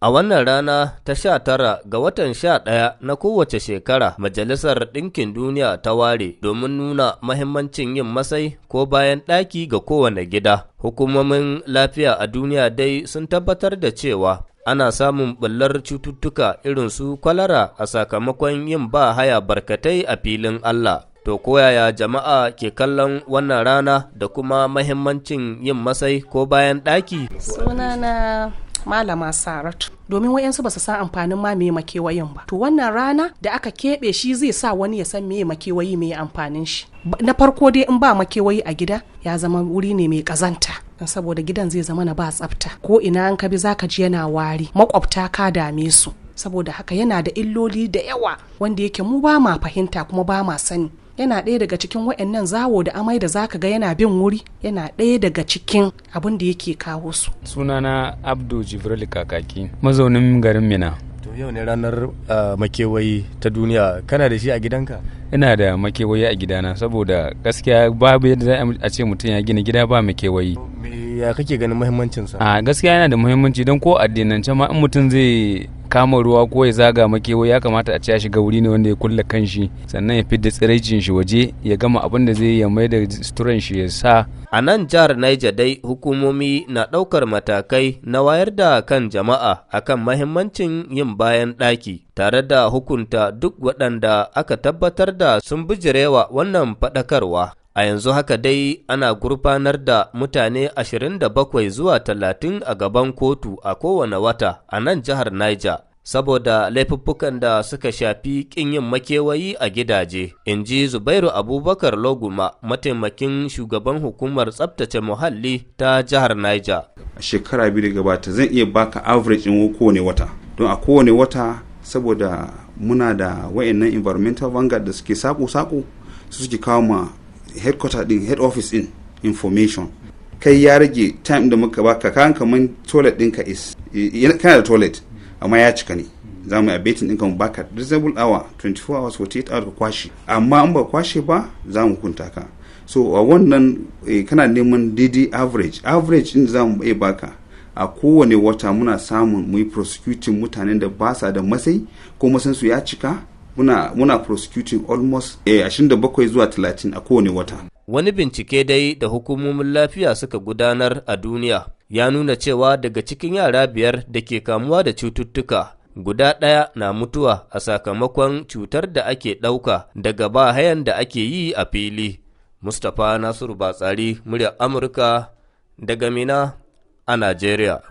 A wannan rana ta sha tara ga watan sha ɗaya na kowace shekara Majalisar Ɗinkin Duniya ta ware domin nuna mahimmancin yin masai ko bayan ɗaki ga kowane gida. Hukumomin lafiya a duniya dai sun tabbatar da cewa ana samun ɓullar cututtuka irin su kwalara a sakamakon yin ba haya barkatai a filin Allah. To koyaya jama'a ke kallon wannan rana da kuma mahimmancin yin masai ko bayan ɗaki? malama saratu domin wayansu ba su san amfanin ma me makewayin ba to wannan rana da aka keɓe shi zai sa wani ya san me makewayi me amfanin shi na farko dai in ba makewayi a gida ya zama wuri ne mai kazanta saboda gidan zai zama na ba tsafta ko ina an ka bi zaka ji yana wari makwabta ka dame su saboda haka yana da illoli da yawa wanda yake mu ba ma fahimta kuma ba ma sani yana ɗaya daga cikin wa'annan zawo da amai da zaka ga yana bin wuri yana ɗaya daga cikin abin da yake kawo su sunana abdu jibril kakaki mazaunin garin mina to yau ne ranar makewayi ta duniya kana da shi a gidanka ina da makewayi a gidana saboda gaskiya babu yadda za a ce mutum ya gina gida ba makewayi me ya kake ganin muhimmancinsa a gaskiya yana da muhimmanci don ko addinance ma in mutum zai kama ruwa ko ya zaga makewa ya kamata a ci shi ga wuri ne wanda ya kulle kanshi sannan ya fidda tsiraicin shi waje ya gama abin da zai ya mai da suturan shi ya sa a nan jihar Niger dai hukumomi na ɗaukar matakai na wayar da kan jama'a akan mahimmancin yin bayan ɗaki tare da hukunta duk waɗanda aka tabbatar da sun bijirewa wannan faɗakarwa A yanzu haka dai ana gurfanar da mutane 27 zuwa 30 a gaban kotu a kowane wata a nan jihar Niger. Saboda laifuffukan da suka shafi ƙin yin makewayi a gidaje, in ji Zubairu Abubakar Loguma, mataimakin shugaban hukumar tsabtace muhalli ta jihar Niger. A shekara biyu da gabata zan iya baka average in kowane wata, don a kowane wata saboda muna da wayannan environmental vanguard da suke saƙo-saƙo su suke kawo ma headquarter din head office din information kai ya rage time da muka baka kan kaman toilet dinka is kana da toilet amma ya cika ne za mu yi abating mu baka reasonable hour 24 hours 48 hours ka kwashe amma in ba kwashe ba za mu hukunta ka so a wannan eh, kana neman daidai average average din za mu iya baka a kowane wata muna samun mu yi prosecuting mutanen da ba sa da masai ko masansu ya cika muna muna prosecuting almost eh, 27 zuwa 30 a kowane wata wani bincike dai da hukumomin lafiya suka gudanar a duniya ya nuna cewa daga cikin yara biyar da ke kamuwa da cututtuka guda ɗaya na mutuwa a sakamakon cutar da ake ɗauka daga ba hayan da ake yi a fili mustapha nasiru batsari muryar amurka daga mina a najeriya